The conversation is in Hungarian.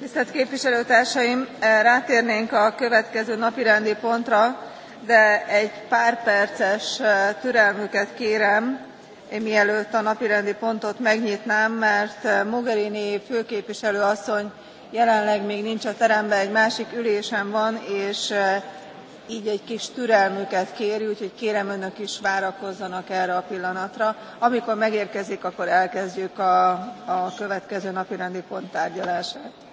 tisztelt képviselőtársaim eh, rátérnénk a következő napirendi pontra de egy pár perces eh, türelmüket kérem mielőtt a napirendi pontot megnyitnám mert eh, mogherini főképviselő asszony jelenleg még nincs a teremben egy másik ülésen van és gy egy kis türelmüket kéri úgyhogy kérem önök is várakozzanak erre a pillanatra amikor megérkezik akkor elkezdjük a, a következő napirendi pont tárgyalását.